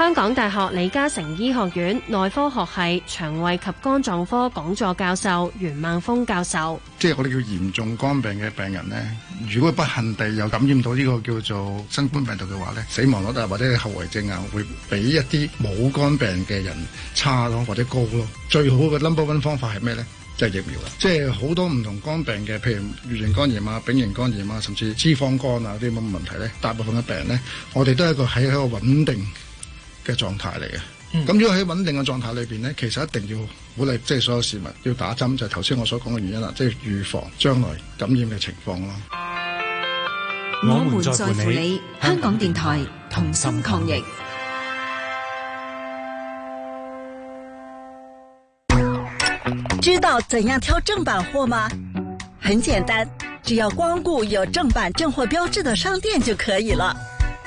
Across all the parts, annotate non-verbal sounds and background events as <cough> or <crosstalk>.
香港大學李嘉誠醫學院內科學系腸胃及肝臟科講座教授袁孟峰教授，即係我哋叫嚴重肝病嘅病人咧。如果不幸地又感染到呢個叫做新冠病毒嘅話咧，死亡率啊或者後遺症啊，會比一啲冇肝病嘅人差咯，或者高咯。最好嘅 number one 方法係咩咧？即係疫苗啦。即係好多唔同肝病嘅，譬如乙型肝炎啊、丙型肝炎啊，甚至脂肪肝啊啲咁嘅問題咧，大部分嘅病人咧，我哋都係一個喺一個穩定嘅狀態嚟嘅，咁、嗯、如果喺穩定嘅狀態裏邊咧，其實一定要鼓勵，即係所有市民要打針，就係頭先我所講嘅原因啦，即係預防將來感染嘅情況咯。我們在乎你，香港電台同心抗疫。知道怎樣挑正版貨嗎？很簡單，只要光顧有正版正貨標誌的商店就可以了。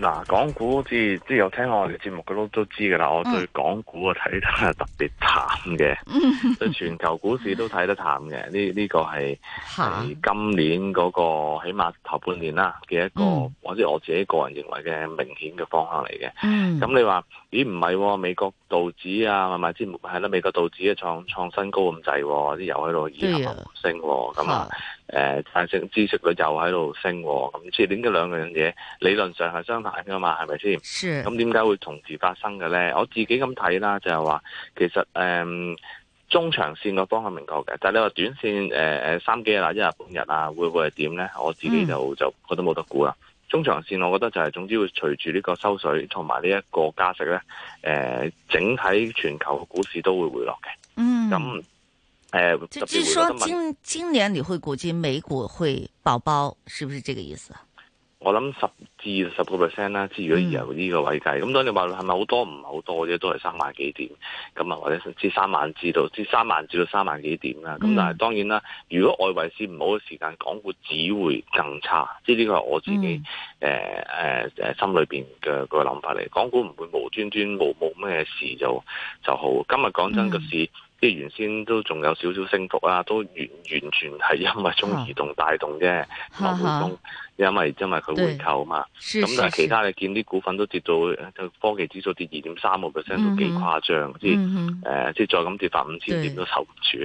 嗱，港股即即有聽我哋節目嘅都都知噶啦，我對港股嘅睇得係特別淡嘅，即 <laughs> 全球股市都睇得淡嘅，呢呢、這個係係、呃、今年嗰、那個起碼頭半年啦嘅一個，或者 <laughs> 我，我自己個人認為嘅明顯嘅方向嚟嘅。咁 <laughs> 你話咦唔係、哦？美國道指啊，係咪先？係啦、啊，美國道指啊創創新高咁滯、哦，啲又喺度以後升喎、哦，咁啊。誒，加息、呃、知識佢又喺度升、哦，咁即係點解兩樣嘢理論上係相反噶嘛？係咪先？是。咁點解會同時發生嘅咧？我自己咁睇啦，就係、是、話其實誒、嗯、中長線嘅方向明確嘅，但係你話短線誒誒、呃、三幾日、一日半日啊，會會係點咧？我自己就、嗯、就覺得冇得估啦。中長線我覺得就係總之會隨住呢個收水同埋呢一個加息咧，誒、呃、整體全球股市都會回落嘅。嗯。咁。誒，呃、就係說今今年你會估計美股會爆煲，是不是這個意思？我諗十、啊、至十個 percent 啦，如果由呢個位計，咁、嗯、當然話係咪好多唔係好多啫，都係三萬幾點咁啊，或者甚至三萬至到至三萬至到三萬幾點啦。咁、嗯、但係當然啦，如果外圍市唔好嘅時間，港股只會更差。即係呢個係我自己誒誒誒心裡邊嘅、那個諗法嚟。港股唔會無端端冇冇咩事就就好。今日講真個市。嗯即係原先都仲有少少升幅啦，都完完全係因為中移動帶動啫，劉、啊、會忠、啊、因為因為佢回購啊嘛，咁但係其他是是你見啲股份都跌到，就科技指數跌二點三個 percent 都幾誇張，即係誒即係再咁跌返五千點都受唔住，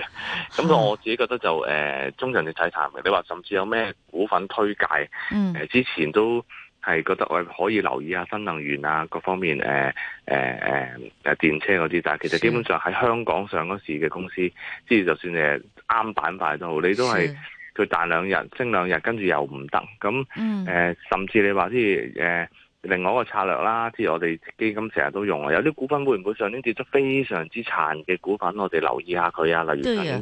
咁我對、啊、我自己覺得就誒、呃、中長線睇淡嘅，你話甚至有咩股份推介，誒、嗯呃、之前都。係覺得我可以留意下新能源啊，各方面誒誒誒誒電車嗰啲，但係其實基本上喺香港上市嘅公司，即係是就算誒啱板塊都好，是你都係佢彈兩日升兩日，跟住又唔得。咁誒、嗯呃，甚至你話即係誒，另外一個策略啦，即係我哋基金成日都用，有啲股份會唔會上年跌得非常之殘嘅股份，我哋留意下佢啊，例如呀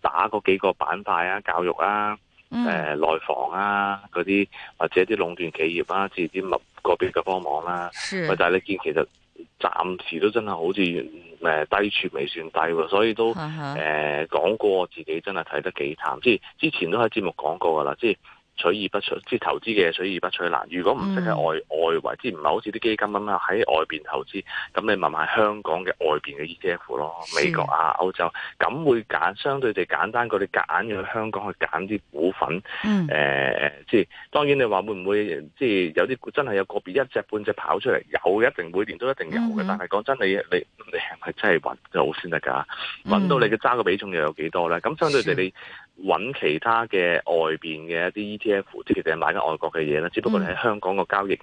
打嗰幾個板塊啊，教育啊。誒、嗯呃、內房啊，嗰啲或者啲壟斷企業啊，甚至啲物個別嘅幫忙啦、啊，是但就係你見其實暫時都真係好似誒低處未算低喎、啊，所以都誒哈、呃、講過自己真係睇得幾淡，即係之前都喺節目講過㗎喇，即係。取易不取，即係投資嘅嘢取易不取難。如果唔淨係外、嗯、外圍，即唔係好似啲基金咁樣喺外面投資，咁你問問香港嘅外面嘅 ETF 咯，是美國啊、歐洲，咁會揀相對地簡單過你夾硬要去香港去揀啲股份。誒即係當然你話會唔會即係有啲真係有個別一隻半隻跑出嚟，有一定每年都一定有嘅。嗯、但係講真，你你你係咪真係揾到先得㗎？揾、嗯、到你嘅揸嘅比重又有幾多咧？咁相對地你。揾其他嘅外邊嘅一啲 ETF，即係其實係買緊外國嘅嘢啦。只不過你喺香港個交易，嗯、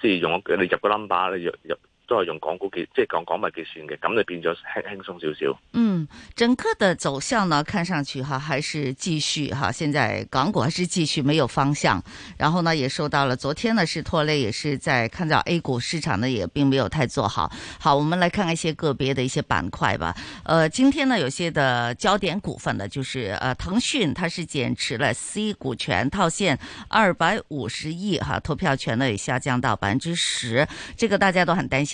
即係用我你入個 number，你入入。都係用港股計，即係講港幣結算嘅，咁就變咗輕輕鬆少少。嗯，整個的走向呢，看上去哈，還是繼續哈。現在港股還是繼續沒有方向，然後呢，也受到了昨天呢是拖累，也是在看到 A 股市場呢也並沒有太做好。好，我們來看看一些個別的一些板塊吧。呃，今天呢有些的焦點股份呢，就是呃騰訊，它是減持了 C 股權套現二百五十億哈，投票權呢也下降到百分之十，這個大家都很擔心。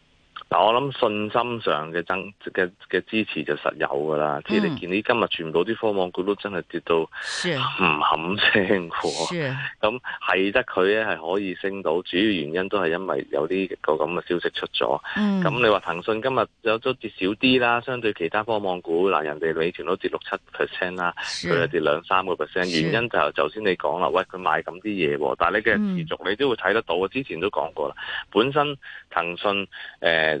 嗱，但我諗信心上嘅增嘅嘅支持就實有㗎啦，即係、嗯、你見你今日全部啲科網股都真係跌到唔堪稱喎，咁係得佢咧係可以升到，主要原因都係因為有啲個咁嘅消息出咗，咁、嗯嗯、你話騰訊今日有咗跌少啲啦，相對其他科網股嗱，人哋美團都跌六七 percent 啦，佢是又跌兩三個 percent，原因就頭、是、先你講啦，喂佢買咁啲嘢喎，但你嘅持續你都會睇得到，嗯、我之前都講過啦，本身騰訊誒。呃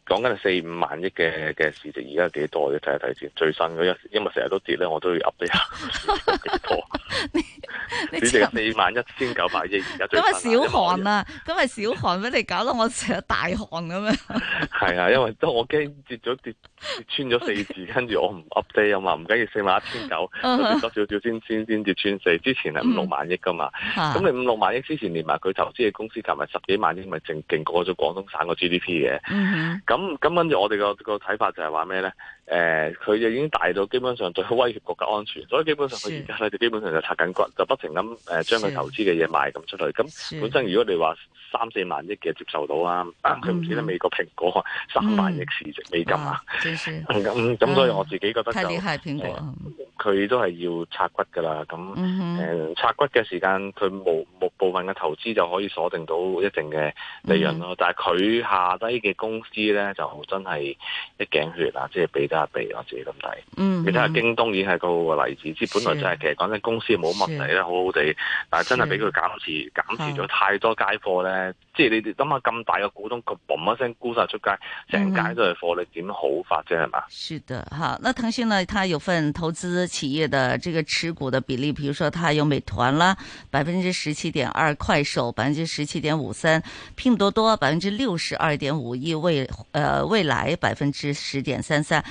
講緊四五萬億嘅嘅市值，而家幾多嘅？你睇下睇住最新嗰因因為成日都跌咧，我都要 update 下，下 <laughs> 你四萬一千九百億，而家咁係小寒啊！咁係小寒，俾你搞到我成日大寒咁樣。係 <laughs> 啊，因為都我驚跌咗跌跌穿咗四字，跟住我唔 update 啊嘛，唔緊要四萬一千九，跌多少少先先先跌穿四。之前係五六萬億噶嘛，咁你五六萬億之前連埋佢投資嘅公司，加埋十幾萬億，咪淨淨過咗廣東省個 GDP 嘅。嗯咁咁跟住，我哋個個睇法就係話咩咧？誒佢、呃、就已經大到基本上對威脅國家安全，所以基本上佢而家咧就基本上就拆緊骨，就不停咁誒將佢投資嘅嘢賣咁出去。咁是本身如果你話三四萬億嘅接受到啊，佢唔似得美國蘋果三萬億市值美金、嗯嗯、啊，咁咁所以我自己覺得就，佢、啊呃、都係要拆骨㗎啦。咁誒、嗯呃、拆骨嘅時間，佢冇冇部分嘅投資就可以鎖定到一定嘅利潤咯。嗯、但係佢下低嘅公司咧就真係一頸血啊，即、就、係、是、比較。我自己咁睇，嗯、哼你睇下京東已經係個例子，即係本來就係、是、是其實講真，公司冇乜問題咧，是好好地，但係真係俾佢減持，減是持咗太多街貨咧，好即係你哋諗下咁大嘅股東，佢嘣一聲沽晒出街，成街都係貨，你點好法啫？係嘛、嗯哼？是的，吓，那騰訊呢，它有份投資企業的這個持股的比例，譬如說它有美團啦，百分之十七點二，快手百分之十七點五三，拼多多百分之六十二點五一，億未，呃，未來百分之十點三三。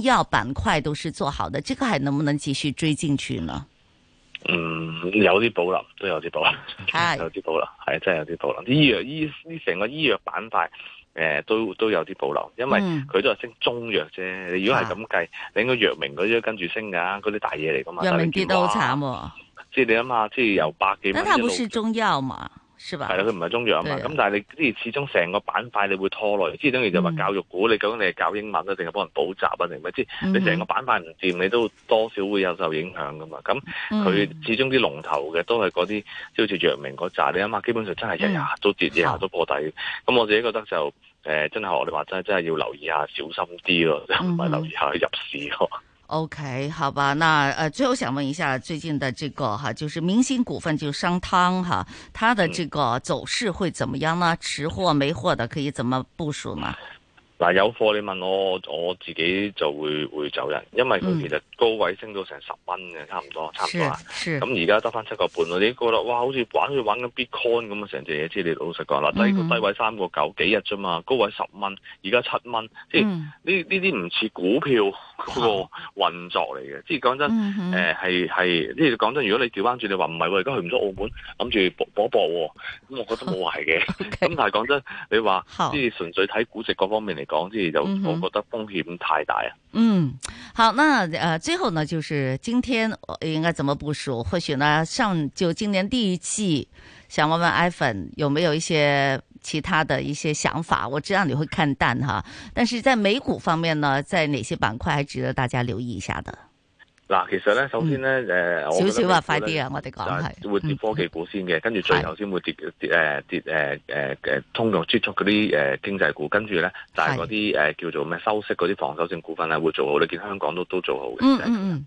醫藥板塊都是做好的，這個還能不能繼續追進去呢？嗯，有啲保留，都有啲保留，係 <laughs> 有啲保留，係真係有啲保留。醫藥醫呢成個醫藥板塊，誒、呃，都都有啲保留，因為佢都係升中藥啫。嗯、你如果係咁計，啊、你應該藥明嗰啲都跟住升噶，嗰啲大嘢嚟噶嘛，藥明跌得好慘。即係你諗下，即係由百幾，但係佢唔係中藥嘛。係啦，佢唔係中藥啊嘛，咁、啊、但係你即係始終成個板塊你會拖落嚟，即係等於就話教育股，嗯、你究竟你係搞英文啊，定係幫人補習啊，定係咩？即係、嗯、哼你成個板塊唔掂，你都多少會有受影響噶嘛。咁佢始終啲龍頭嘅都係嗰啲，即好似藥明嗰扎，你諗下，基本上真係日日都跌，日日都破底。咁我自己覺得就誒、呃，真係我哋話真係真係要留意一下，小心啲咯，即唔係留意一下去、嗯、哼入市咯。OK，好吧，那誒、呃，最後想問一下最近的這個哈，就是明星股份就商湯哈，它的這個走勢會怎麼樣呢？持貨沒貨的可以怎麼部署嘛？嗱、嗯，有貨你問我，我自己就會會走人，因為佢其實高位升到成十蚊嘅，差唔多，是差唔多啦。咁而家得翻七個半，你覺得哇，好似玩，去玩緊 Bitcoin 咁啊，成隻嘢知你老實講，嗱，低個低位三個九幾日啫嘛，高位十蚊，而家七蚊，即係呢呢啲唔似股票。個運好作嚟嘅，即係講真，誒係係，即係講真，如果你調翻轉，你話唔係喎，而家去唔到澳門，諗住搏一搏，啊，咁我覺得冇壞嘅。咁，okay, 但係講真，你話即係純粹睇估值各方面嚟講，即係就我覺得風險太大啊。嗯，好，那誒，呃，最後呢，就是今天應該怎麼部署？或許呢上就今年第一季，想問問 Ivan 有沒有一些？其他的一些想法，我知道你會看淡哈，但是在美股方面呢，在哪些板塊還值得大家留意一下的？嗱、嗯，其實呢，首先呢，誒，少少啊快啲啊，我哋講係會跌科技股先嘅，嗯嗯、跟住最後先會跌跌誒跌誒誒誒通用接觸嗰啲誒經濟股，跟住呢，但係嗰啲誒叫做咩收息嗰啲防守性股份呢，會做好，你見香港都都做好嘅、就是嗯，嗯嗯。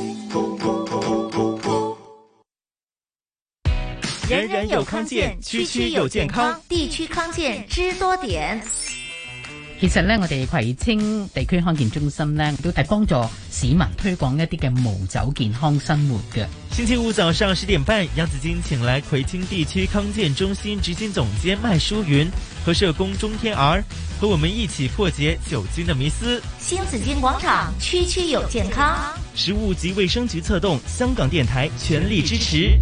人人有康健，區區有健康，區區健康，地區康健知多點。其實呢，我哋葵青地區康健中心呢，都係幫助市民推廣一啲嘅無酒健康生活嘅。星期五早上十點半，楊子矜請來葵青地區康健中心執行總監麥淑雲和社工鍾天兒，和我們一起破解酒精的迷思。新紫荊廣場區區有健康，食物及衛生局策動，香港電台全力支持。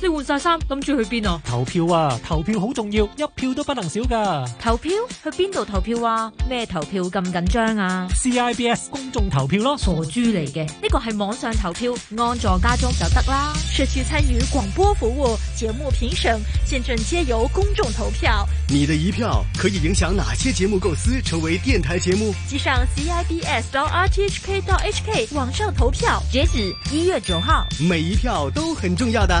你換晒衫，諗住去邊啊？投票啊！投票好重要，一票都不能少噶。投票去邊度投票啊？咩投票咁緊張啊？CIBS 公眾投票咯，傻豬嚟嘅，呢個係網上投票，安坐家中就得啦。社區參與廣播服務節目評審現陣皆由公眾投票。你的一票可以影響哪些節目構思，成為電台節目？即上 CIBS.RTHK.HK 網上投票，截止一月九號，每一票都很重要的。的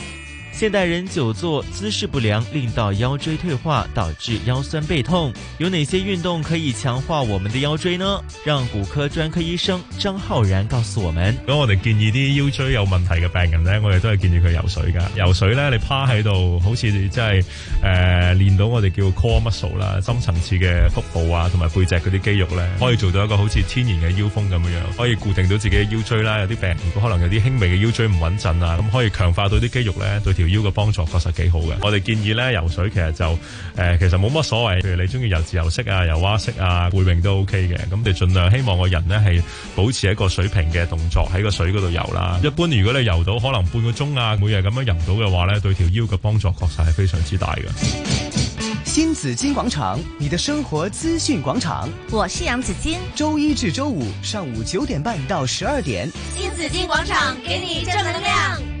現代人久坐、姿勢不良，令到腰椎退化，導致腰酸背痛。有哪些運動可以強化我們的腰椎呢？讓骨科專科醫生張浩然告訴我們：，咁我哋建議啲腰椎有問題嘅病人呢，我哋都係建議佢游水噶。游水呢，你趴喺度，好似你即係誒練到我哋叫 core muscle 啦，深層次嘅腹部啊，同埋背脊嗰啲肌肉咧，可以做到一個好似天然嘅腰封咁樣樣，可以固定到自己嘅腰椎啦。有啲病人如果可能有啲輕微嘅腰椎唔穩陣啊，咁可以強化到啲肌肉咧，對條腰嘅幫助確實幾好嘅，我哋建議咧游水其實就誒、呃，其實冇乜所謂，譬如你中意游自由式啊、游蛙式啊、背泳都 OK 嘅，咁你盡量希望個人呢係保持一個水平嘅動作喺個水嗰度游啦。一般如果你游到可能半個鐘啊，每日咁樣游到嘅話咧，對條腰嘅幫助確實係非常之大嘅。新紫荊廣場，你的生活資訊廣場，我是楊子矜，周一至周五上午九點半到十二點，新紫荊廣場給你正能量。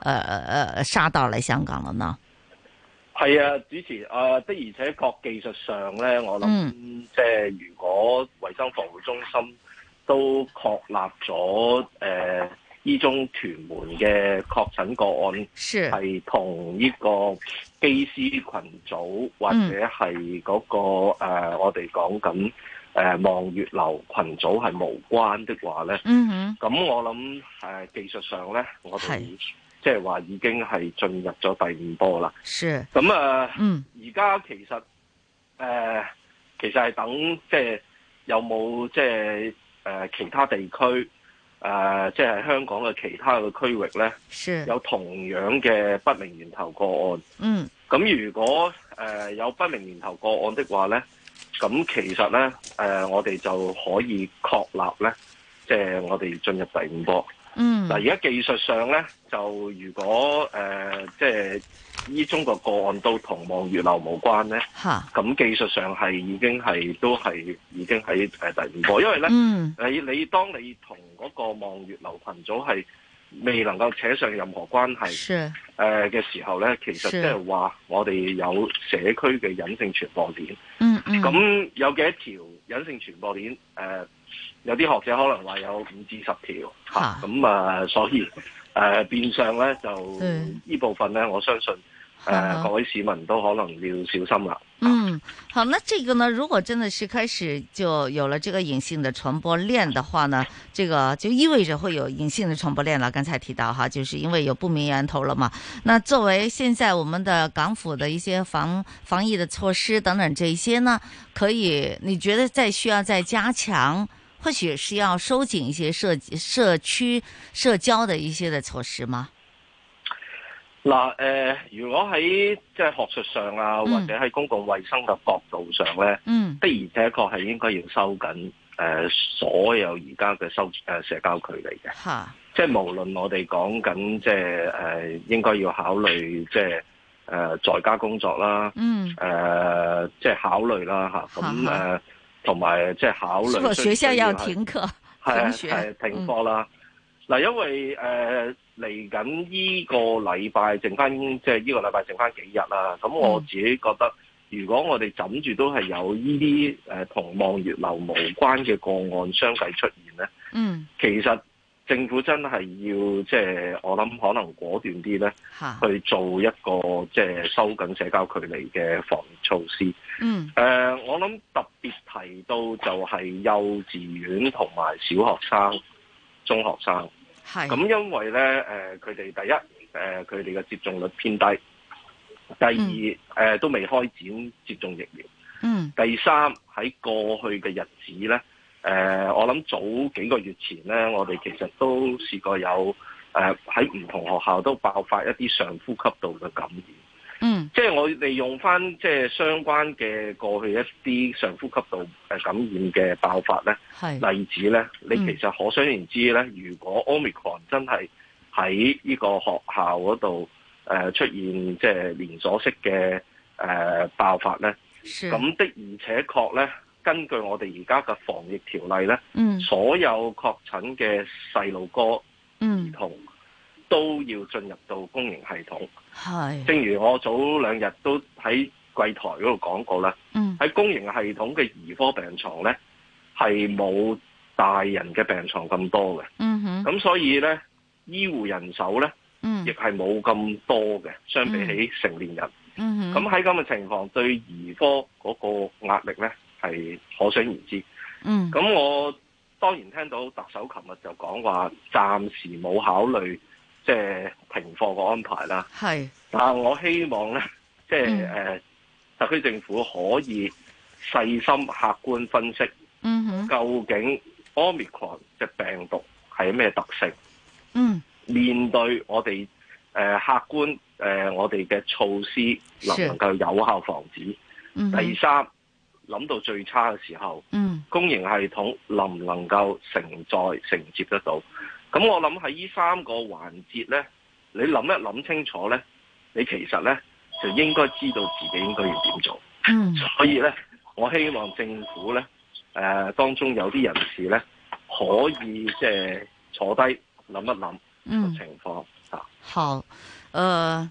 誒誒誒，殺、呃、到嚟香港喇呢？係啊，主持誒，的而且確技術上咧，我諗即係如果衛生防護中心都確立咗誒、呢、呃、宗屯門嘅確診個案係同呢個機師群組或者係嗰個誒、嗯呃，我哋講緊誒望月樓群組係無關的話咧，嗯哼，咁我諗誒、呃、技術上咧，我哋。即係話已經係進入咗第五波啦。是。咁啊，呃、嗯。而家其實，誒、呃，其實係等，即係有冇即係誒、呃、其他地區，誒、呃，即係香港嘅其他嘅區域呢，是。有同樣嘅不明源頭個案。嗯。咁如果誒、呃、有不明源頭個案的話呢，咁其實呢，誒、呃、我哋就可以確立呢，即、就、係、是、我哋進入第五波。嗯，嗱而家技術上咧，就如果誒，即係呢宗個案都同望月樓冇關咧，吓哈，咁技術上係已經係都係已經喺誒、呃、第二個，因為咧、嗯，你你當你同嗰個望月樓群組係未能夠扯上任何關係，誒嘅是、呃、時候咧，其實即係話我哋有社區嘅隱性傳播鏈是、嗯，嗯嗯，咁有幾條隱性傳播鏈誒。有啲學者可能話有五至十條吓，咁哈啊，所以誒、呃，變相咧就呢、嗯、部分咧，我相信誒，呃、哈各位市民都可能要小心啦。嗯，好。那這個呢，如果真的是開始就有了這個隱性的傳播鏈的話呢，這個就意味着會有隱性的傳播鏈了。剛才提到哈，就是因為有不明源頭了嘛。那作為現在我們的港府的一些防防疫的措施等等，這些呢，可以你覺得再需要再加強？或許是要收緊一些社社區社交的一些的措施嗎？嗱、嗯，誒、嗯，如果喺即係學術上啊，或者喺公共衛生嘅角度上呢，的而且確係應該要收緊，誒，所有而家嘅收誒社交距離嘅，嗯、即係無論我哋講緊，即係誒，應該要考慮，即係誒，在家工作啦，誒、嗯，即係考慮啦，吓，咁誒、嗯。嗯同埋即係考慮，如果學校要停課，同是學停課啦。嗱、嗯，因為誒嚟緊呢個禮拜剩翻，即係呢個禮拜剩翻幾日啦。咁我自己覺得，嗯、如果我哋枕住都係有呢啲誒同望月樓無關嘅個案相繼出現咧，嗯，其實。政府真係要即係，我諗可能果斷啲咧，去做一個即係收緊社交距離嘅防疫措施。嗯，呃、我諗特別提到就係幼稚園同埋小學生、中學生。咁係因為咧，誒、呃，佢哋第一，誒、呃，佢哋嘅接種率偏低；第二，嗯呃，都未開展接種疫苗；嗯，第三，喺過去嘅日子咧。誒、呃，我諗早幾個月前咧，我哋其實都試過有誒喺唔同學校都爆發一啲上呼吸道嘅感染。嗯，即係我哋用翻即係相關嘅過去一啲上呼吸道感染嘅爆發咧，是例子咧，你其實可想而知咧，嗯、如果 Omicron 真係喺呢個學校嗰度誒出現即係連鎖式嘅誒、呃、爆發咧，咁是的而且確咧。根據我哋而家嘅防疫條例咧，嗯、所有確診嘅細路哥、兒童、嗯、都要進入到公營系統。係是，正如我早兩日都喺櫃台嗰度講過啦。喺、嗯、公營系統嘅兒科病床咧，係冇大人嘅病床咁多嘅。咁、嗯、哼所以咧，醫護人手咧，亦係冇咁多嘅，相比起成年人。咁喺咁嘅情況，對兒科嗰個壓力咧？係可想而知，嗯，咁我當然聽到特首琴日就講話暫時冇考慮即係停課嘅安排啦，係是，但係我希望咧，即係誒，嗯、特區政府可以細心客觀分析，嗯、哼究竟 Omicron 隻病毒係咩特性，嗯，面對我哋誒、呃、客觀誒、呃、我哋嘅措施能唔能夠有效防止，嗯是，第三。嗯諗到最差嘅時候，嗯，公營系統能唔能夠承載承接得到？咁我諗喺呢三個環節呢，你諗一諗清楚呢，你其實呢，就應該知道自己應該要點做。嗯，所以呢，我希望政府呢，誒、呃，當中有啲人士呢，可以即係、呃、坐低諗一諗個情況啊、嗯。好，呃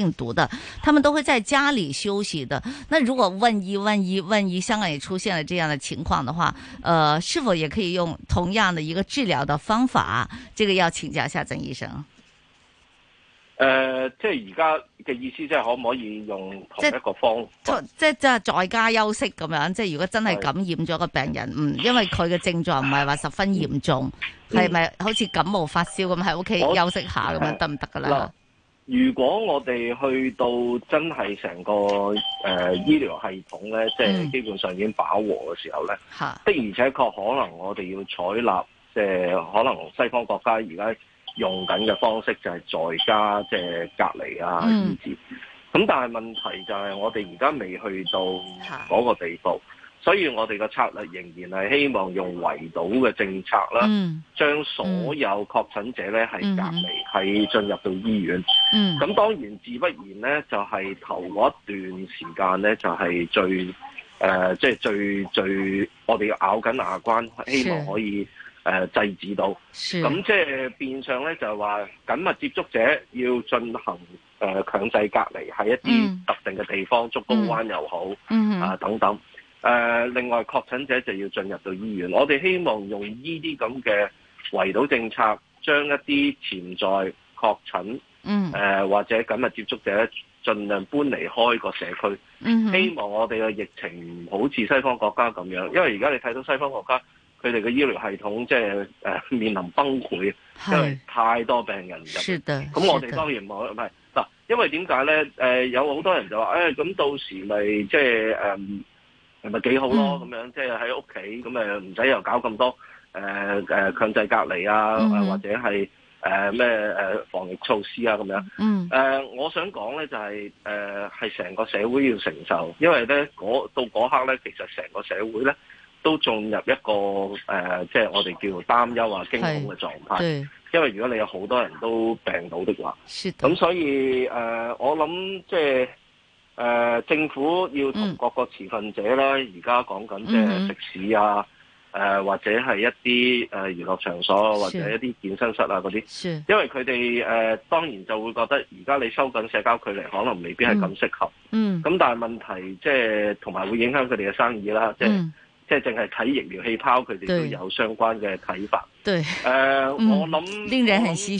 病毒的，他們都會在家裏休息的。那如果萬一、萬一、萬一，香港也出現了這樣的情況的話，呃，是否也可以用同樣的一個治療的方法？這個要請教一下曾醫生。呃，即係而家嘅意思，即係可唔可以用同一個方法即，即即係在家休息咁樣。即係如果真係感染咗個病人，是嗯，因為佢嘅症狀唔係話十分嚴重，係咪、嗯、好似感冒發燒咁喺屋企休息下咁樣得唔得噶啦？我行如果我哋去到真係成個誒、呃、醫療系統咧，即、就、係、是、基本上已經飽和嘅時候咧，嗯、的而且確可能我哋要採納，即、呃、係可能西方國家而家用緊嘅方式就係在家即係、就是、隔離啊，咁、嗯、醫治、但係問題就係我哋而家未去到嗰個地步。所以我哋嘅策略仍然係希望用圍堵嘅政策啦，將、嗯、所有確診者咧係隔離，係進、嗯、哼入到醫院。咁、嗯、當然自不然咧，就係、是、頭嗰一段時間咧，就係、是、最誒、即、呃、係、就是、最最，我哋要咬緊牙關，是希望可以誒、呃、制止到。咁是即係變相咧，就係話緊密接觸者要進行誒強、呃、制隔離，喺一啲特定嘅地方，竹、嗯、篙灣又好啊、嗯哼呃、等等。誒、呃，另外確診者就要進入到醫院。我哋希望用呢啲咁嘅圍堵政策，將一啲潛在確診，嗯、呃，或者緊密接觸者，儘量搬離開個社區。嗯、哼希望我哋嘅疫情唔好似西方國家咁樣，因為而家你睇到西方國家，佢哋嘅醫療系統即、就、係、是呃、面臨崩潰，是因為太多病人入是。是咁我哋當然唔係嗱，因為點解咧？有好多人就話，誒、哎、咁到時咪即係係咪幾好咯？咁、嗯、樣即係喺屋企，咁誒唔使又搞咁多誒、呃呃、強制隔離啊，嗯、或者係誒咩防疫措施啊咁樣。嗯、呃。我想講咧就係誒係成個社會要承受，因為咧到嗰刻咧，其實成個社會咧都進入一個誒，即、呃、係、就是、我哋叫做擔憂啊、驚恐嘅狀態。因為如果你有好多人都病到的話，咁的所以誒、呃，我諗即係。誒，政府要同各個持份者咧，而家講緊即係食肆啊，誒或者係一啲誒娛樂場所或者一啲健身室啊嗰啲，因為佢哋誒當然就會覺得而家你收緊社交距離，可能未必係咁適合。嗯，咁但係問題即係同埋會影響佢哋嘅生意啦，即係即係淨係睇疫苗氣泡，佢哋都有相關嘅睇法。對，誒，我諗，令人很唏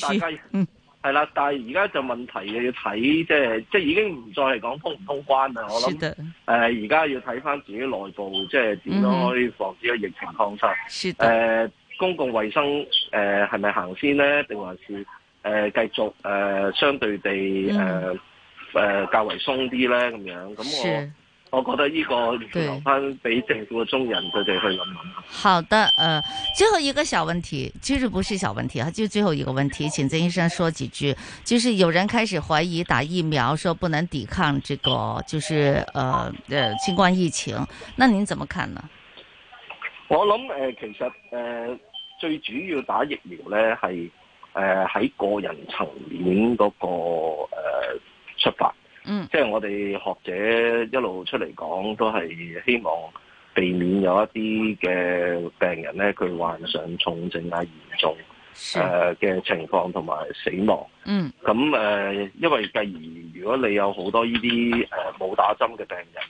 係啦，但係而家就問題嘅，要睇即係即係已經唔再係講通唔通關啦。我諗誒，而家的、呃、要睇翻自己內部，即係點樣可以防止個疫情擴散。誒的、呃，公共衛生誒係咪行先咧？定還是誒繼、呃、續誒、呃、相對地誒誒、呃嗯呃、較為鬆啲咧？咁樣咁我。我覺得呢個留翻俾政府嘅中人佢哋去諗諗。好的，呃，最後一個小問題，其實不是小問題啊，就最後一個問題，請曾醫生說幾句。就是有人開始懷疑打疫苗說不能抵抗這個，就是呃，呃，新冠疫情，那您怎麼看呢？我諗誒、呃，其實誒、呃，最主要打疫苗咧係誒喺個人層面嗰個誒出發。嗯，即係我哋學者一路出嚟講，都係希望避免有一啲嘅病人咧，佢患上重症啊、嚴重誒嘅情況同埋死亡。嗯，咁誒、呃，因為繼而如果你有好多呢啲誒冇打針嘅病人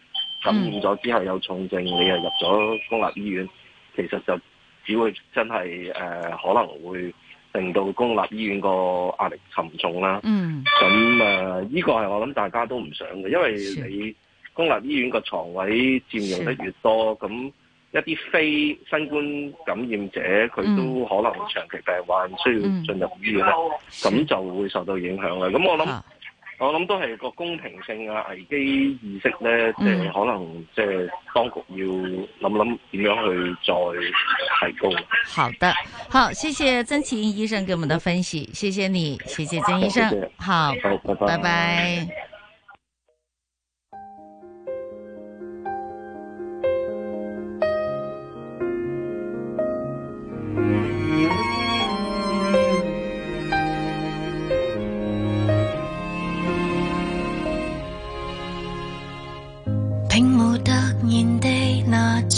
感染咗之後有重症，你又入咗公立醫院，其實就只會真係誒、呃，可能會。令到公立醫院個壓力沉重啦，咁誒、嗯、呢、呃這個係我諗大家都唔想嘅，因為你公立醫院個床位佔用得越多，咁一啲非新冠感染者佢都可能長期病患需要進入醫院，咁、嗯，就會受到影響啦。咁我諗。啊我諗都係個公平性啊，危機意識咧，誒、嗯、可能即係當局要諗諗點樣去再提高。好的，好，謝謝曾祈殷醫生給我們的分析，謝謝你，謝謝曾醫生，謝謝，好，好拜拜。拜拜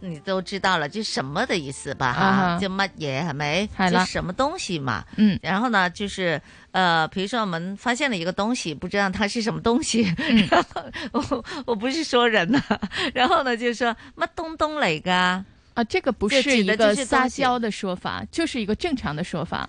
你都知道了，就什麼的意思吧？哈、uh，huh. 就乜嘢，係咪，就什麼東西嘛。嗯， <noise> 然後呢，就是呃，比如說我們發現了一個東西，不知道它是什麼東西。嗯、然後我我不是說人吶、啊，然後呢就說乜東東嚟噶，咚咚咚啊？這個、啊，這個不是一個撒嬌的說法，就是一個正常的說法。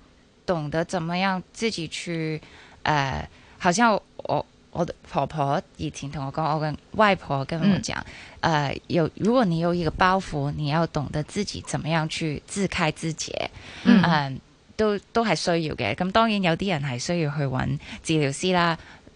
懂得怎麼樣自己去誒、呃，好像我我的婆婆以前同我講，我跟外婆跟我講，誒、嗯呃，有如果你有一個包袱，你要懂得自己怎麼樣去自開自解，嗯哼、呃，都都係需要嘅。咁當然有啲人係需要去揾治療師啦。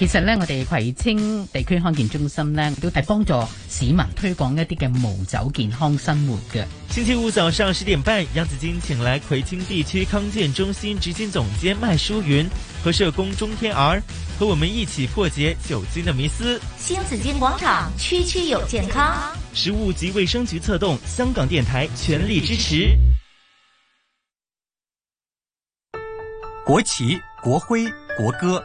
其實呢，我哋葵青地區康健中心呢，都係幫助市民推廣一啲嘅無酒健康生活嘅。星期五早上十點半，楊子矜請來葵青地區康健中心執行總監麥淑雲和社工鍾天兒，和我們一起破解酒精的迷思。新紫荊廣場，區區有健康。食物及衛生局策動，香港電台全力支持。支持國旗、國徽、國歌，